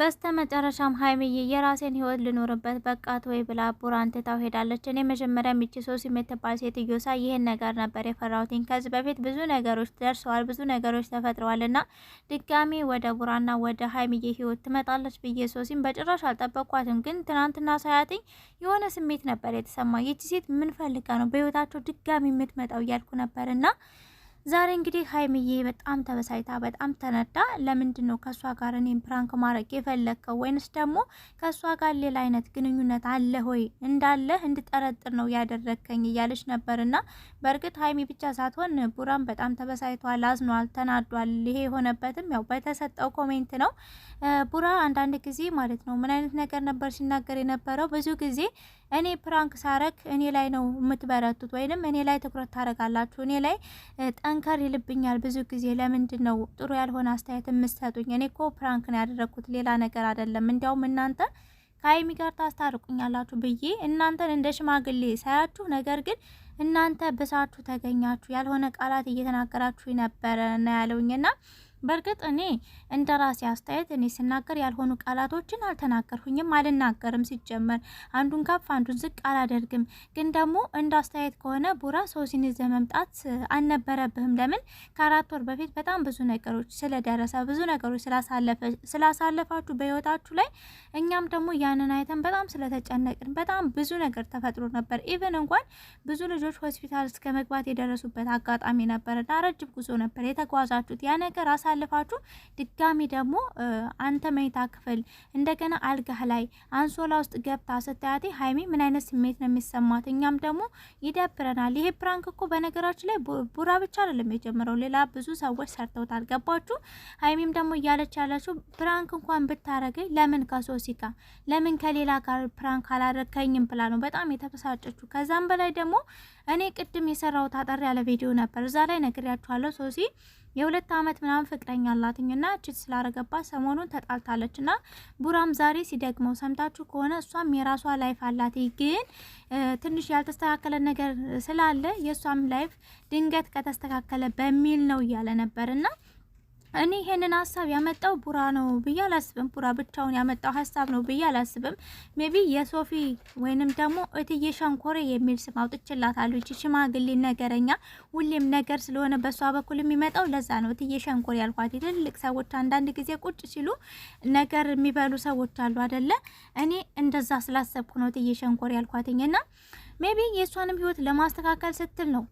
በስተ መጨረሻም ሀይሚዬ የራሴን ህይወት ልኖርበት በቃት ወይ ብላ ቡራን ትታው ሄዳለች። እኔ መጀመሪያ ሚቺ ሶስ የምትባል ሴትዮ ሳይ ይህን ነገር ነበር የፈራሁትኝ። ከዚህ በፊት ብዙ ነገሮች ደርሰዋል፣ ብዙ ነገሮች ተፈጥረዋል እና ድጋሚ ወደ ቡራና ወደ ሀይሚዬ ህይወት ትመጣለች ብዬ ሶሲም በጭራሽ አልጠበቅኳትም። ግን ትናንትና ሳያትኝ የሆነ ስሜት ነበር የተሰማ። ይቺ ሴት ምን ፈልጋ ነው በህይወታቸው ድጋሚ የምትመጣው እያልኩ ነበር እና ዛሬ እንግዲህ ሀይምዬ በጣም ተበሳይታ በጣም ተነዳ። ለምንድን ነው ከእሷ ጋር እኔም ፕራንክ ማድረግ የፈለግከው? ወይንስ ደግሞ ከእሷ ጋር ሌላ አይነት ግንኙነት አለ ሆይ እንዳለ እንድጠረጥር ነው ያደረግከኝ እያለች ነበርና፣ በእርግጥ ሀይሚ ብቻ ሳትሆን ቡራም በጣም ተበሳይቷል፣ አዝኗል፣ ተናዷል። ይሄ የሆነበትም ያው በተሰጠው ኮሜንት ነው። ቡራ አንዳንድ ጊዜ ማለት ነው ምን አይነት ነገር ነበር ሲናገር የነበረው? ብዙ ጊዜ እኔ ፕራንክ ሳረክ እኔ ላይ ነው የምትበረቱት፣ ወይንም እኔ ላይ ትኩረት ታደርጋላችሁ እኔ ላይ መንከር ይልብኛል ብዙ ጊዜ። ለምንድን ነው ጥሩ ያልሆነ አስተያየት የምትሰጡኝ? እኔ እኮ ፕራንክ ነው ያደረግኩት ሌላ ነገር አይደለም። እንዲያውም እናንተ ከሀይሚ ጋር ታስታርቁኛላችሁ ብዬ እናንተን እንደ ሽማግሌ ሳያችሁ፣ ነገር ግን እናንተ ብሳችሁ ተገኛችሁ፣ ያልሆነ ቃላት እየተናገራችሁ ነበረ ና ያለውኝና በእርግጥ እኔ እንደ ራሴ አስተያየት እኔ ስናገር ያልሆኑ ቃላቶችን አልተናገርሁኝም፣ አልናገርም። ሲጀመር አንዱን ከፍ አንዱን ዝቅ አላደርግም። ግን ደግሞ እንደ አስተያየት ከሆነ ቡራ ሶሲን ይዘህ መምጣት አልነበረብህም። ለምን ከአራት ወር በፊት በጣም ብዙ ነገሮች ስለደረሰ ብዙ ነገሮች ስላሳለፋችሁ በህይወታችሁ ላይ እኛም ደግሞ ያንን አይተን በጣም ስለተጨነቅን በጣም ብዙ ነገር ተፈጥሮ ነበር። ኢቨን እንኳን ብዙ ልጆች ሆስፒታል እስከ መግባት የደረሱበት አጋጣሚ ነበር እና ረጅም ጉዞ ነበር የተጓዛችሁት ያ ነገር አሳልፋችሁ ድጋሚ ደግሞ አንተ መኝታ ክፍል እንደገና አልጋህ ላይ አንሶላ ውስጥ ገብታ ስታያቴ ሀይሚ ምን አይነት ስሜት ነው የሚሰማት? እኛም ደግሞ ይደብረናል። ይሄ ፕራንክ እኮ በነገራችን ላይ ቡራ ብቻ አይደለም የጀመረው፣ ሌላ ብዙ ሰዎች ሰርተውታል ገባችሁ ሀይሚም ደግሞ እያለች ያለችው ፕራንክ እንኳን ብታረገኝ ለምን ከሶሲ ጋር ለምን ከሌላ ጋር ፕራንክ አላረከኝም ብላ ነው በጣም የተበሳጨችው። ከዛም በላይ ደግሞ እኔ ቅድም የሰራው አጠር ያለ ቪዲዮ ነበር፣ እዛ ላይ ነግሬያችኋለሁ ሶሲ የሁለት ዓመት ምናምን ፍቅረኛ አላትኝና እችት ስላረገባት ሰሞኑን ተጣልታለች። እና ቡራም ዛሬ ሲደግመው ሰምታችሁ ከሆነ እሷም የራሷ ላይፍ አላት፣ ግን ትንሽ ያልተስተካከለ ነገር ስላለ የእሷም ላይፍ ድንገት ከተስተካከለ በሚል ነው እያለ ነበር ና እኔ ይሄንን ሀሳብ ያመጣው ቡራ ነው ብዬ አላስብም። ቡራ ብቻውን ያመጣው ሀሳብ ነው ብዬ አላስብም። ሜቢ የሶፊ ወይንም ደግሞ እትዬ ሸንኮሬ የሚል ስም አውጥቼላታለሁ። እቺ ሽማግሌ ነገረኛ፣ ሁሌም ነገር ስለሆነ በሷ በኩል የሚመጣው ለዛ ነው እትዬ ሸንኮሬ ያልኳት። ትልልቅ ሰዎች አንዳንድ ጊዜ ቁጭ ሲሉ ነገር የሚበሉ ሰዎች አሉ አይደለ? እኔ እንደዛ ስላሰብኩ ነው እትዬ ሸንኮሬ ያልኳትኝና ሜቢ የእሷንም ህይወት ለማስተካከል ስትል ነው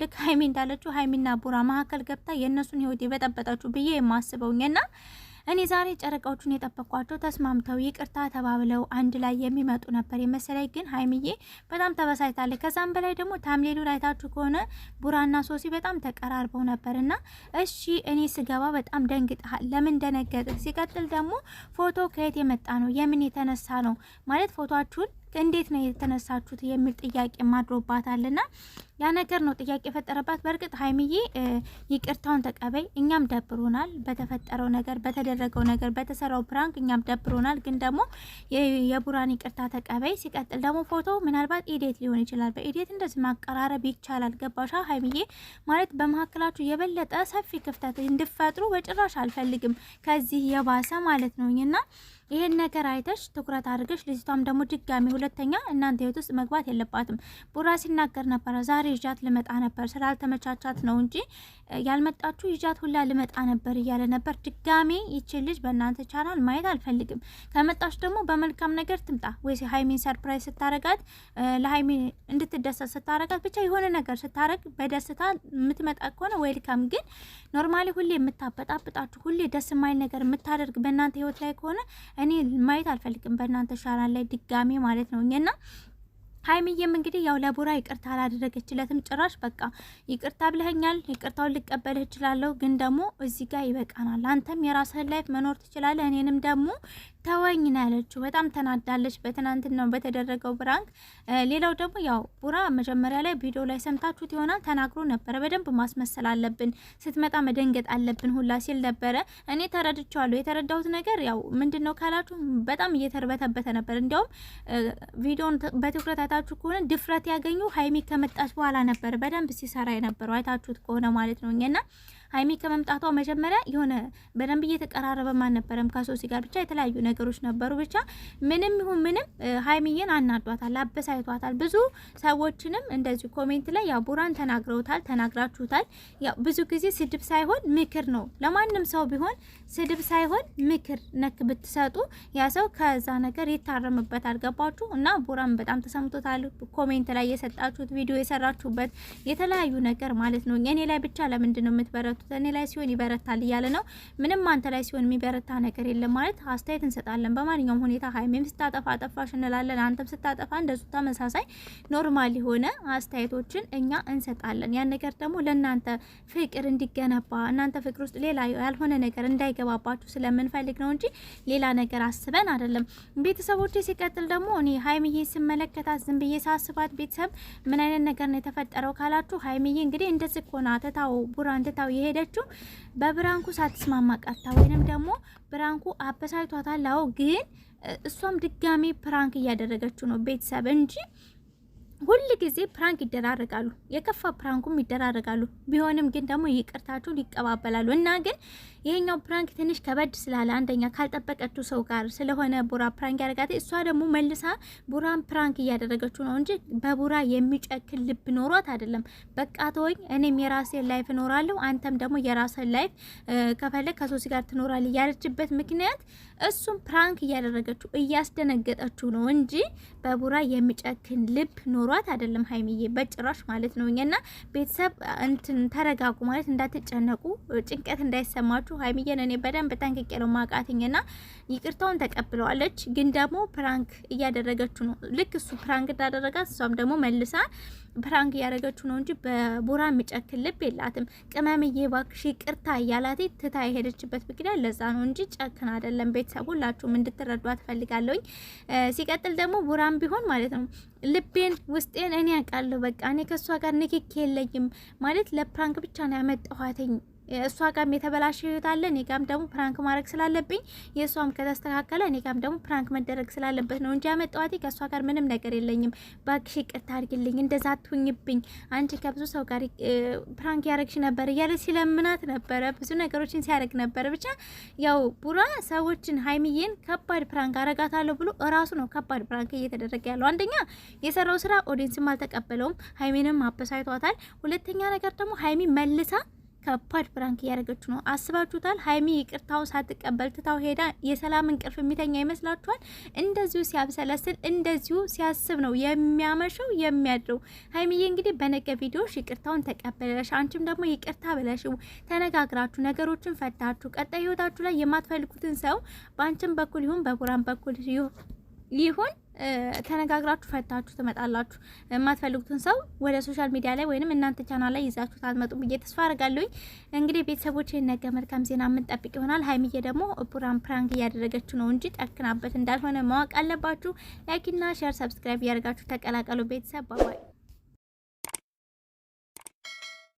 ልክ ሀይሚ እንዳለችው ሀይሚና ቡራ መካከል ገብታ የእነሱን ህይወት የበጠበጣችሁ ብዬ የማስበውኝና እኔ ዛሬ ጨረቃዎቹን የጠበኳቸው ተስማምተው ይቅርታ ተባብለው አንድ ላይ የሚመጡ ነበር የመሰለኝ። ግን ሀይምዬ በጣም ተበሳጭታለች። ከዛም በላይ ደግሞ ታምሌሉ ላይታችሁ ከሆነ ቡራና ሶሲ በጣም ተቀራርበው እና እሺ፣ እኔ ስገባ በጣም ደንግጠሃል። ለምን ደነገጥ? ሲቀጥል ደግሞ ፎቶ ከየት የመጣ ነው? የምን የተነሳ ነው? ማለት ፎቶችሁን እንዴት ነው የተነሳችሁት የሚል ጥያቄ ማድሮባታልና ያ ነገር ነው ጥያቄ የፈጠረባት። በእርግጥ ሀይሚዬ ይቅርታውን ተቀበይ፣ እኛም ደብሮናል። በተፈጠረው ነገር፣ በተደረገው ነገር፣ በተሰራው ፕራንክ እኛም ደብሮናል። ግን ደግሞ የቡራን ይቅርታ ተቀበይ። ሲቀጥል ደግሞ ፎቶ ምናልባት ኢዴት ሊሆን ይችላል። በኢዴት እንደዚህ ማቀራረብ ይቻላል። ገባሻ ሀይሚዬ? ማለት በመካከላችሁ የበለጠ ሰፊ ክፍተት እንድፈጥሩ በጭራሽ አልፈልግም፣ ከዚህ የባሰ ማለት ነው እና ይህን ነገር አይተሽ ትኩረት አድርገሽ ልጅቷም ደግሞ ድጋሚ ሁለተኛ እናንተ ህይወት ውስጥ መግባት የለባትም። ቡራ ሲናገር ነበረ ዛሬ ይዣት ልመጣ ነበር ስላልተመቻቻት ነው እንጂ ያልመጣችሁ ይዣት ሁላ ልመጣ ነበር እያለ ነበር። ድጋሜ ይችን ልጅ በእናንተ ቻናል ማየት አልፈልግም። ከመጣች ደግሞ በመልካም ነገር ትምጣ ወይ ሀይሚን ሰርፕራይዝ ስታረጋት፣ ለሀይሚን እንድትደሰት ስታረጋት፣ ብቻ የሆነ ነገር ስታረግ በደስታ የምትመጣ ከሆነ ዌልካም። ግን ኖርማሊ ሁሌ የምታበጣብጣችሁ ሁሌ ደስ የማይል ነገር የምታደርግ በእናንተ ህይወት ላይ ከሆነ እኔ ማየት አልፈልግም በእናንተ ቻናል ላይ ድጋሜ ማለት ነው እና ሀይሚዬም እንግዲህ ያው ለቡራ ይቅርታ አላደረገችለትም። ጭራሽ በቃ ይቅርታ ብለኛል ይቅርታውን ልቀበልህ እችላለሁ፣ ግን ደግሞ እዚህ ጋር ይበቃናል። አንተም የራስህን ላይፍ መኖር ትችላለህ፣ እኔንም ደግሞ ተወኝ ነው ያለችው። በጣም ተናዳለች በትናንትናው በተደረገው ብራንክ። ሌላው ደግሞ ያው ቡራ መጀመሪያ ላይ ቪዲዮ ላይ ሰምታችሁት ይሆናል ተናግሮ ነበረ። በደንብ ማስመሰል አለብን፣ ስትመጣ መደንገጥ አለብን ሁላ ሲል ነበረ። እኔ ተረድቻለሁ። የተረዳሁት ነገር ያው ምንድን ነው ካላችሁ በጣም እየተርበተበተ ነበር። እንዲያውም ቪዲዮን በትኩረት አይታችሁ ከሆነ ድፍረት ያገኙ ሀይሚ ከመጣች በኋላ ነበር በደንብ ሲሰራ የነበረው አይታችሁት ከሆነ ማለት ነው እኛና ሀይሚ ከመምጣቷ መጀመሪያ የሆነ በደንብ እየተቀራረበ አልነበረም ከሶሲ ጋር ብቻ የተለያዩ ነገሮች ነበሩ። ብቻ ምንም ይሁን ምንም ሀይሚዬን አናዷታል፣ አበሳይቷታል። ብዙ ሰዎችንም እንደዚሁ ኮሜንት ላይ ያው ቡራን ተናግረውታል፣ ተናግራችሁታል። ያው ብዙ ጊዜ ስድብ ሳይሆን ምክር ነው ለማንም ሰው ቢሆን ስድብ ሳይሆን ምክር ነክ ብትሰጡ ያ ሰው ከዛ ነገር ይታረምበት። አልገባችሁ እና ቡራን በጣም ተሰምቶታል። ኮሜንት ላይ የሰጣችሁት ቪዲዮ የሰራችሁበት የተለያዩ ነገር ማለት ነው። እኔ ላይ ብቻ ለምንድን ነው የምትበረቱ? የሚበረቱት እኔ ላይ ሲሆን ይበረታል እያለ ነው። ምንም አንተ ላይ ሲሆን የሚበረታ ነገር የለም ማለት አስተያየት እንሰጣለን። በማንኛውም ሁኔታ ሀይሜም ስታጠፋ አጠፋሽ እንላለን። አንተም ስታጠፋ እንደሱ ተመሳሳይ ኖርማል የሆነ አስተያየቶችን እኛ እንሰጣለን። ያን ነገር ደግሞ ለእናንተ ፍቅር እንዲገነባ እናንተ ፍቅር ውስጥ ሌላ ያልሆነ ነገር እንዳይገባባችሁ ስለምንፈልግ ነው እንጂ ሌላ ነገር አስበን አይደለም። ቤተሰቦች ሲቀጥል ደግሞ እኔ ሀይሚዬ ስመለከታት ዝም ብዬ ሳስባት ቤተሰብ ምን አይነት ነገር ነው የተፈጠረው ካላችሁ ሀይሚዬ እንግዲህ እንደዚህ ኮና ትታው ቡራ ትታው ይሄ የሄደችው በብራንኩ ሳትስማማ ቀርታ ወይንም ደግሞ ብራንኩ አበሳጭቷታል። አዎ ግን እሷም ድጋሜ ፕራንክ እያደረገችው ነው ቤተሰብ እንጂ ሁል ጊዜ ፕራንክ ይደራረጋሉ፣ የከፋ ፕራንኩም ይደራረጋሉ። ቢሆንም ግን ደግሞ ይቅርታችሁን ይቀባበላሉ እና ግን ይሄኛው ፕራንክ ትንሽ ከበድ ስላለ አንደኛ ካልጠበቀችው ሰው ጋር ስለሆነ ቡራ ፕራንክ ያደረጋት፣ እሷ ደግሞ መልሳ ቡራን ፕራንክ እያደረገችው ነው እንጂ በቡራ የሚጨክል ልብ ኖሯት አይደለም። በቃ ተወኝ፣ እኔም የራሴን ላይፍ እኖራለሁ፣ አንተም ደግሞ የራስን ላይፍ ከፈለግ ከሶሲ ጋር ትኖራል ያለችበት ምክንያት እሱም ፕራንክ እያደረገችው እያስደነገጠችው ነው እንጂ በቡራ የሚጨክል ልብ ኖሮ ኖሯት አይደለም ሀይሚዬ በጭራሽ ማለት ነው። እኛና ቤተሰብ እንትን ተረጋጉ ማለት እንዳትጨነቁ፣ ጭንቀት እንዳይሰማችሁ። ሀይሚዬን እኔ በደንብ ጠንቅቄ ነው እኛና ይቅርታውን ተቀብለዋለች። ግን ደግሞ ፕራንክ እያደረገችው ነው። ልክ እሱ ፕራንክ እንዳደረጋት እሷም ደግሞ መልሳ ፕራንክ እያደረገችው ነው እንጂ በቦራ የሚጨክን ልብ የላትም። ቅመምዬ እባክሽ ይቅርታ እያላት ትታ የሄደችበት ምክንያት ለዛ ነው እንጂ ጨክን አይደለም። ቤተሰብ ሁላችሁም እንድትረዷ ትፈልጋለሁኝ። ሲቀጥል ደግሞ ቡራም ቢሆን ማለት ነው ልቤን ውስጤን እኔ ያውቃለሁ። በቃ እኔ ከእሷ ጋር ንክክ የለኝም ማለት ለፕራንክ ብቻ ነው ያመጣኋትኝ። እሷ ጋም የተበላሸ ህይወት አለ። እኔ ጋም ደግሞ ፕራንክ ማድረግ ስላለብኝ የእሷም ከተስተካከለ እኔ ጋም ደግሞ ፕራንክ መደረግ ስላለበት ነው እንጂ ያመጣዋት ከእሷ ጋር ምንም ነገር የለኝም። እባክሽ ይቅርታ አድርግልኝ፣ እንደዛ አትሁኝብኝ። አንቺ ከብዙ ሰው ጋር ፕራንክ ያደረግሽ ነበር እያለ ሲለምናት ነበረ። ብዙ ነገሮችን ሲያደርግ ነበር። ብቻ ያው ቡራ ሰዎችን ሀይሚዬን ከባድ ፕራንክ አረጋታለሁ ብሎ እራሱ ነው ከባድ ፕራንክ እየተደረገ ያለው። አንደኛ የሰራው ስራ ኦዲንስም አልተቀበለውም፣ ሀይሚንም አበሳይቷታል። ሁለተኛ ነገር ደግሞ ሀይሚ መልሳ ከባድ ፕራንክ እያደረገችው ነው። አስባችሁታል? ሀይሚ ይቅርታው ሳትቀበል ትታው ሄዳ የሰላም እንቅልፍ የሚተኛ ይመስላችኋል? እንደዚሁ ሲያብሰለስል እንደዚሁ ሲያስብ ነው የሚያመሸው የሚያድረው። ሀይሚዬ እንግዲህ በነገ ቪዲዮሽ ይቅርታውን ተቀበለሽ፣ አንቺም ደግሞ ይቅርታ ብለሽው ተነጋግራችሁ ነገሮችን ፈታችሁ ቀጣይ ህይወታችሁ ላይ የማትፈልጉትን ሰው በአንቺም በኩል ይሁን በቡራን በኩል ይሁን ተነጋግራችሁ ፈታችሁ ትመጣላችሁ። የማትፈልጉትን ሰው ወደ ሶሻል ሚዲያ ላይ ወይንም እናንተ ቻናል ላይ ይዛችሁ ታመጡ ብዬ ተስፋ አድርጋለሁኝ። እንግዲህ ቤተሰቦች ነገ መልካም ዜና የምንጠብቅ ይሆናል። ሀይሚዬ ደግሞ ቡራን ፕራንክ እያደረገችው ነው እንጂ ጠክናበት እንዳልሆነ ማወቅ አለባችሁ። ላይክና ሼር፣ ሰብስክራይብ እያደርጋችሁ ተቀላቀሉ ቤተሰብ ባባይ